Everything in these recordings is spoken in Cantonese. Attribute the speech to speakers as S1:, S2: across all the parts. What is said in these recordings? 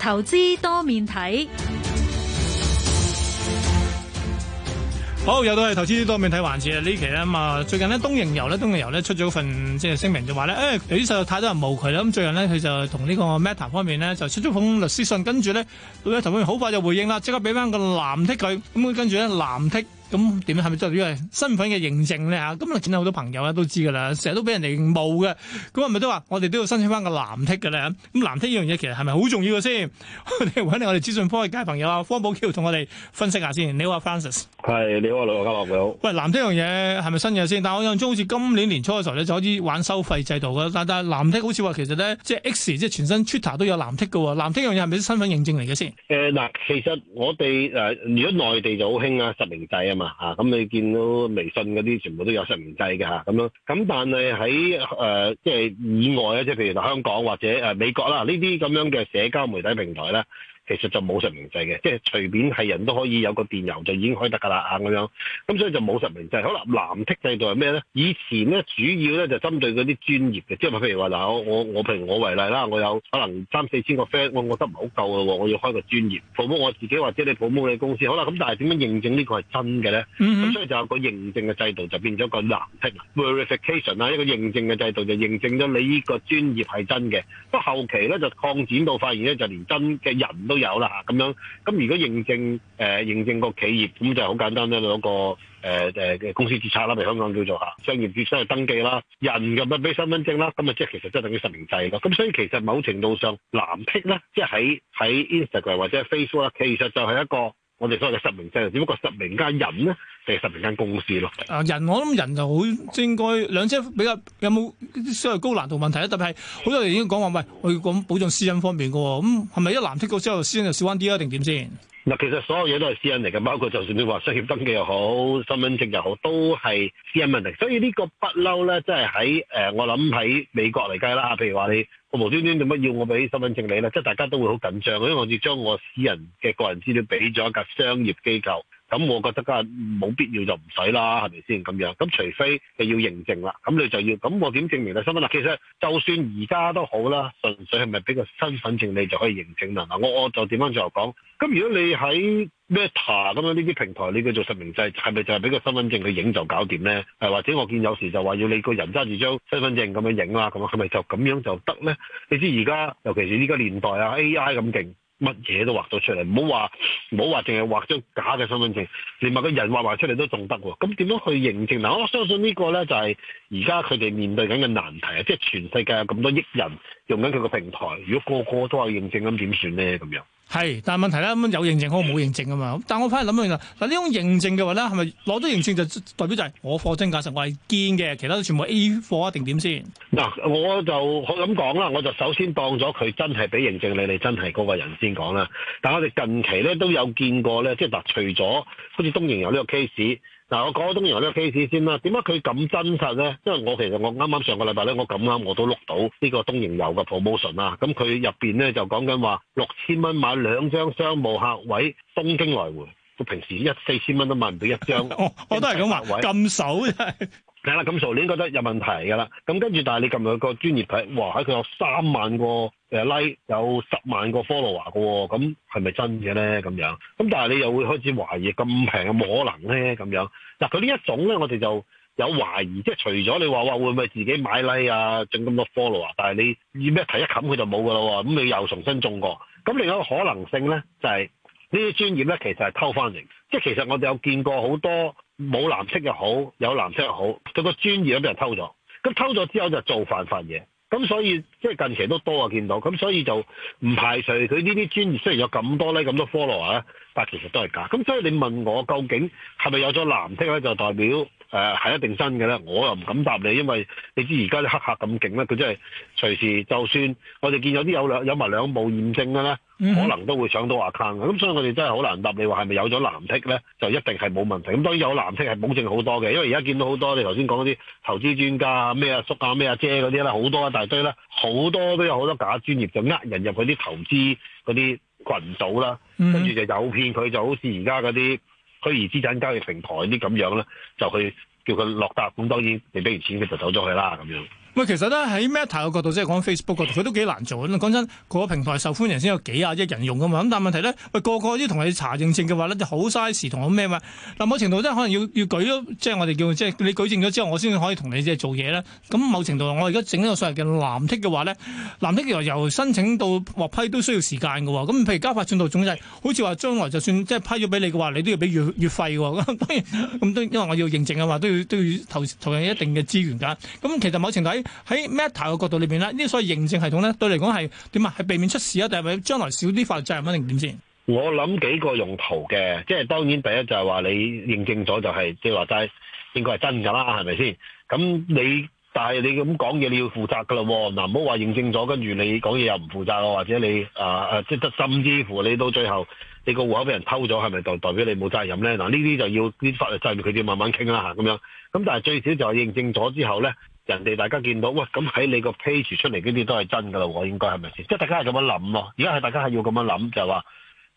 S1: 投資多面睇，
S2: 好又到嚟投資多面睇環節啦！期呢期咧咁啊，最近咧東瀛遊咧東瀛遊咧出咗份即係聲明，就話咧誒，有啲實在太多人無佢啦！咁最近咧佢就同呢個 Meta 方面咧就出咗封律師信，跟住咧 Meta 方面好快就回應啦，即刻俾翻個藍剔佢，咁佢跟住咧藍剔。咁點咧？係咪即係因為身份嘅認證咧嚇？咁、嗯、啊，見到好多朋友咧都知噶啦，成日都俾人哋冒嘅。咁係咪都話我哋都要申請翻個藍剔嘅咧？咁藍剔呢樣嘢其實係咪好重要嘅先？ 我哋揾嚟我哋資訊科技界朋友啊，方保僑同我哋分析下先。你好啊，Francis。你好
S1: 啊，兩位嘉賓你好。
S2: 喂，藍剔呢樣嘢係咪新嘢先？但我印象中好似今年年初嘅時候咧就可以玩收費制度嘅。但係藍剔好似話其實咧，即係 X 即係全新 Twitter 都有藍剔嘅。藍剔呢樣嘢係咪啲身份認證嚟嘅先？
S1: 誒嗱、呃，其實我哋誒、呃、如果內地就好興啊，實名制啊。啊吓，咁你見到微信嗰啲全部都有實名制嘅吓。咁樣，咁但係喺誒即係以外啊，即係譬如香港或者誒、呃、美國啦，呢啲咁樣嘅社交媒體平台咧，其實就冇實名制嘅，即係隨便係人都可以有個電郵就已經可以得㗎啦咁樣，咁所以就冇實名制。好啦，藍剔制度係咩呢？以前呢，主要呢就針對嗰啲專頁嘅，即係譬如話嗱，我我譬如我為例啦，我有可能三四千個 friend，我覺得唔係好夠嘅喎，我要開個專頁，服務我自己或者你服務你公司，好啦，咁但係點樣認證呢個係真嘅呢？咁、mm hmm. 所以就有個認證嘅制度就變咗個藍剔 （verification） 啦，一個認證嘅制度，就認，制度就認證咗你呢個專頁係真嘅。不過後期呢，就擴展到發現呢，就連真嘅人都有啦嚇，咁樣，咁如果認證誒認證個企業咁就好簡單咧，攞個誒誒嘅公司注冊啦，喺香港叫做吓商業注冊去登記啦，人咁啊俾身份證啦，咁啊即係其實即係等於實名制咯。咁所以其實某程度上，藍剔咧，即係喺喺 Instagram 或者 Facebook 咧，其實就係一個我哋所謂嘅實名制，只不過實名加人咧。第十零間公司咯。
S2: 啊，人我諗人就好，應該兩者比較，比較有冇啲所謂高難度問題咧？特係好多人已經講話喂，我要講保障私隱方面嘅，咁係咪一藍剔過之後私隱就少翻啲啊？定點先？
S1: 嗱，其實所有嘢都係私隱嚟嘅，包括就算你話商業登記又好，身份證又好，都係私隱問題。所以個呢個不嬲咧，即係喺誒，我諗喺美國嚟計啦，譬如話你個無端端做乜要我俾身份證你咧，即係大家都會好緊張，因為我要將我私人嘅個人資料俾咗一間商業機構。咁我覺得梗係冇必要就唔使啦，係咪先咁樣？咁除非你要認證啦，咁你就要咁我點證明你身份啦，其實就算而家都好啦，純粹係咪俾個身份證你就可以認證啦？我我就點樣就講？咁如果你喺 Meta 咁樣呢啲平台，你叫做實名制，係咪就係俾個身份證去影就搞掂咧？誒或者我見有時就話要你個人揸住張身份證咁樣影啦，咁樣係咪就咁樣就得咧？你知而家尤其是呢個年代啊，AI 咁勁。乜嘢都畫到出嚟，唔好話唔好話，淨係畫張假嘅身份證，連埋個人畫畫出嚟都仲得喎。咁點樣去認證？嗱，我相信呢個咧就係而家佢哋面對緊嘅難題啊！即係全世界咁多億人用緊佢個平台，如果個個都話認證咁點算咧？咁樣。
S2: 係，但係問題咧咁樣有認證好，好冇認證啊嘛。但係我反而諗咗，嗱呢種認證嘅話咧，係咪攞咗認證就代表就係我貨真價實，我係堅嘅，其他都全部 A 貨啊定點先？嗱，
S1: 我就好咁講啦，我就首先當咗佢真係俾認證你，你真係嗰個人先講啦。但係我哋近期咧都有見過咧，即係嗱，除咗好似東瀛有呢個 case。嗱，我講個東瀛遊呢個 case 先啦。點解佢咁真實咧？因為我其實我啱啱上個禮拜咧，我咁啱我都碌到呢個東瀛遊嘅 promotion 啦。咁佢入邊咧就講緊話六千蚊買兩張商務客位東京來回。佢平時一四千蚊都買唔到一張、 哦。我都係咁話，咁熟嘅。係啦，咁所以你覺得有問題㗎啦，咁跟住，但係你撳入個專頁睇，哇！喺佢有三萬個誒 like，有十萬個 follower 嘅喎，咁係咪真嘅咧？咁樣，咁但係你又會開始懷疑，咁平冇可能咧？咁樣嗱，佢呢一種咧，我哋就有懷疑，即係除咗你話話會唔會自己買 like 啊，整咁多 follower，但係你依咩題一冚佢就冇㗎啦喎，咁你又重新種過。咁另外一個可能性咧、就係，就係呢啲專頁咧，其實係偷翻嚟，即係其實我哋有見過好多。冇藍剔又好，有藍剔又好，佢個專頁都俾人偷咗。咁偷咗之後就做犯法嘢，咁所以即係近期都多啊，見到。咁所以就唔排除佢呢啲專頁雖然有咁多咧，咁多 follower 啊，但其實都係假。咁所以你問我究竟係咪有咗藍剔咧，就代表？誒係、uh，一定真嘅咧，我又唔敢答你，因為你知而家啲黑客咁勁咧，佢真係隨時就算我哋見有啲有兩有埋兩步驗證嘅咧，可能都會上到 account 嘅。咁所以我哋真係好難答你話係咪有咗藍剔咧，就一定係冇問題。咁當然有藍剔係保證好多嘅，因為而家見到好多你頭先講啲投資專家啊、咩阿叔啊、咩阿姐嗰啲啦，好多一大堆啦，好多都有好多假專頁就呃人入去啲投資嗰啲群組啦，跟住、uh huh。就誘騙佢，就好似而家嗰啲。虛擬資產交易平台啲咁樣咧，就去叫佢落單，咁當然你俾完錢，佢就走咗去啦，咁
S2: 樣。喂，其實咧喺 Meta 嘅角度，即係講 Facebook 度，佢都幾難做。咁講真，個平台受歡迎先有幾廿億人用噶嘛。咁但係問題咧，喂個個都同你查認證嘅話咧，就好嘥時同我咩嘛。嗱，某程度真係可能要要舉咗，即係我哋叫即係你舉證咗之後，我先可以同你即係做嘢啦。咁某程度，我而家整呢個所謂嘅藍剔嘅話咧，藍剔由由申請到獲批都需要時間噶。咁譬如加快進度總制，好似話將來就算即係批咗俾你嘅話，你都要俾月月費。咁當然咁都因為我要認證嘅話，都要都要投投入一定嘅資源㗎。咁其實某程度睇。喺 Meta 嘅角度裏邊咧，呢啲所謂認證系統咧，對嚟講係點啊？係避免出事啊，定係咪將來少啲法律責任啊？定點先？
S1: 我諗幾個用途嘅，即係當然第一就係話你認證咗就係、是，即係話齋應該係真噶啦，係咪先？咁你但係你咁講嘢，你要負責噶啦。嗱、呃，唔好話認證咗，跟住你講嘢又唔負責，或者你誒誒、呃，即係甚至乎你到最後你個戶口俾人偷咗，係咪代代表你冇責任咧？嗱、呃，呢啲就要啲法律責任佢哋要慢慢傾啦吓，咁、啊、樣咁。但係最少就係認證咗之後咧。呢人哋大家見到，哇！咁喺你個 page 出嚟嗰啲都係真噶啦，應該係咪先？即係、就是、大家係咁樣諗咯。而家係大家係要咁樣諗，就話、是、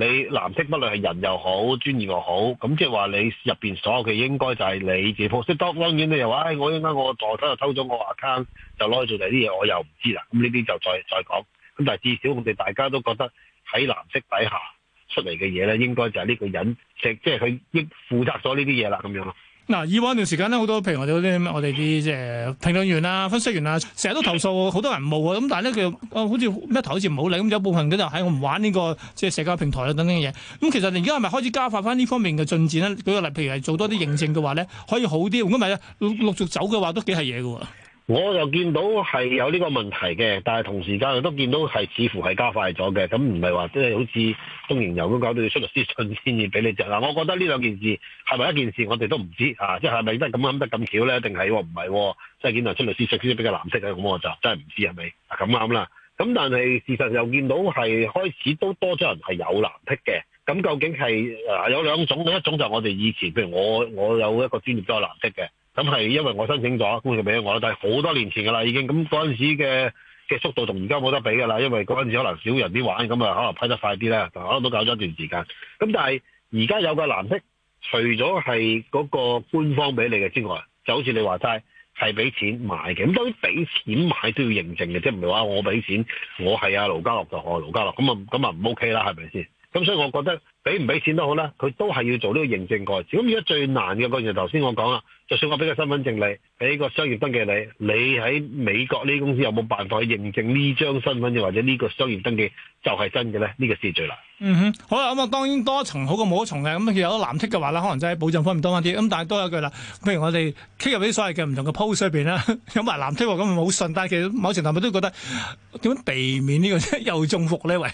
S1: 你藍色不論係人又好，專業又好，咁即係話你入邊所有嘅應該就係你自己 post。當然你又話、哎，我應該我助手又偷咗我 account，又攞去做第啲嘢，我又唔知啦。咁呢啲就再再講。咁但係至少我哋大家都覺得喺藍色底下出嚟嘅嘢咧，應該就係呢個人即係即係佢應負責咗呢啲嘢啦，咁樣
S2: 咯。嗱，以往一段時間咧，好多譬如我哋啲，我哋啲即係評論員啊、分析員啊，成日都投訴，好多人冇啊，咁但係咧佢好似咩頭好似冇理。咁有部分人就喺我唔玩呢個即係社交平台啊等等嘅嘢，咁其實而家係咪開始加快翻呢方面嘅進展咧？舉個例，譬如係做多啲認證嘅話咧，可以好啲；如果唔係啊，陸陸續走嘅話都幾係嘢嘅。
S1: 我又見到係有呢個問題嘅，但係同時間都見到係似乎係加快咗嘅，咁唔係話即係好似東瀛遊都搞到出律師信先至俾你著嗱，我覺得呢兩件事係咪一件事，我哋都唔知啊，即係係咪得咁啱得咁巧咧，定係唔係即係見到出律師信先至比較藍色嘅咁我就真係唔知係咪啊咁啱啦，咁但係事實上又見到係開始都多咗人係有藍剔嘅，咁究竟係啊有兩種，一種就係我哋以前譬如我我有一個專頁都係藍色嘅。咁係因為我申請咗，公司俾我，但係好多年前㗎啦，已經咁嗰陣時嘅嘅速度同而家冇得比㗎啦，因為嗰陣時可能少人啲玩，咁啊可能批得快啲啦，但可能都搞咗一段時間。咁但係而家有個藍色，除咗係嗰個官方俾你嘅之外，就好似你話齋係俾錢買嘅，咁當然俾錢買都要認證嘅，即係唔係話我俾錢，我係阿盧家樂就係盧家樂，咁啊咁啊唔 OK 啦，係咪先？咁所以我覺得。俾唔俾錢都好啦，佢都係要做呢個認證過程。咁而家最難嘅個嘢，頭先我講啦，就算我俾個身份證你，俾個商業登記你，你喺美國呢啲公司有冇辦法去認證呢張身份證或者呢個商業登記就係真嘅咧？呢個事最難。
S2: 嗯哼，好啦，咁、嗯、啊當然多層好過冇一重嘅，咁有藍剔嘅話啦，可能真係保障方面多翻啲。咁但係多一句啦，譬如我哋傾入啲所謂嘅唔同嘅 post 裏面啦， 有埋藍剔喎，咁咪好順。但係其實某程度咪都覺得點樣避免個呢個又中伏呢？喂！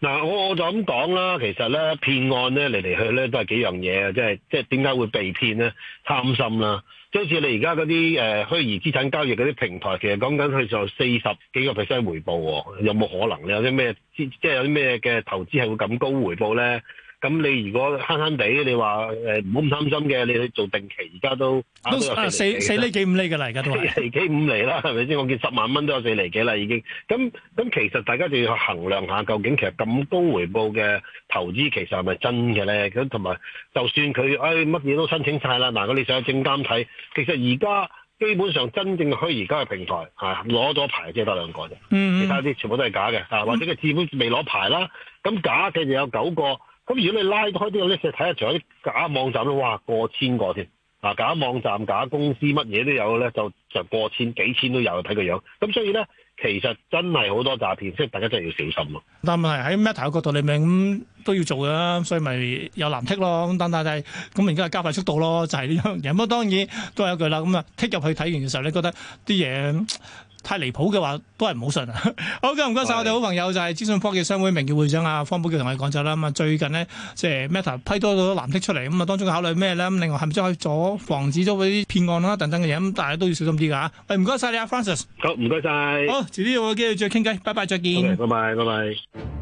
S2: 嗱，我我就咁
S1: 講啦，其實咧騙案咧嚟嚟去咧都係幾樣嘢啊，即係即係點解會被騙咧？貪心啦，即係好似你而家嗰啲誒虛擬資產交易嗰啲平台，其實講緊佢就四十幾個 percent 回報喎，哦，有冇可能咧？有啲咩即係有啲咩嘅投資係會咁高回報咧？咁你如果慳慳地，你話誒唔好咁貪心嘅，你去做定期，而家都都四四釐幾
S2: 五厘嘅啦，而
S1: 家都四厘幾五厘啦，係咪先？我見十萬蚊都有四厘幾啦，已經。咁、嗯、咁、嗯、其實大家就要衡量下，究竟其實咁高回報嘅投資其實係咪真嘅咧？咁同埋就算佢誒乜嘢都申請晒啦，嗱，如果你想去證監睇，其實而家基本上真正去而家嘅平台嚇攞咗牌即係得兩個啫，其他啲全部都係假嘅嚇，或者佢至本未攞牌啦，咁假嘅就有九個。咁如果你拉開啲嘅咧，就睇下，仲有啲假網站咧，哇，過千個添啊！假網站、假公司，乜嘢都有咧，就就過千、幾千都有，睇個樣。咁所以咧。其實真係好多詐騙，
S2: 即係大家真係要小心咯，啊。但係喺 Meta 嘅角度，你、嗯、咁都要做噶，所以咪有藍剔咯。等但就係、是、咁，而家係加快速度咯，就係呢樣。咁啊，當然都有一句啦。咁啊，剔、嗯、入去睇完嘅時候，你覺得啲嘢太離譜嘅話，都係唔好信啊。好，咁唔該晒我哋好朋友，就係資訊科技商會名譽會長啊方保僑同我哋講咗啦。咁、嗯、啊，最近呢，即係 Meta 批多咗藍剔出嚟，咁、嗯、啊當中考慮咩咧？另外係咪再阻防止咗嗰啲騙案啦等等嘅嘢？咁大家都要小心啲噶吓。誒，唔該晒你啊 Francis。好，唔該晒。遲啲有機會再傾偈，拜拜，再見。好，拜拜，拜拜。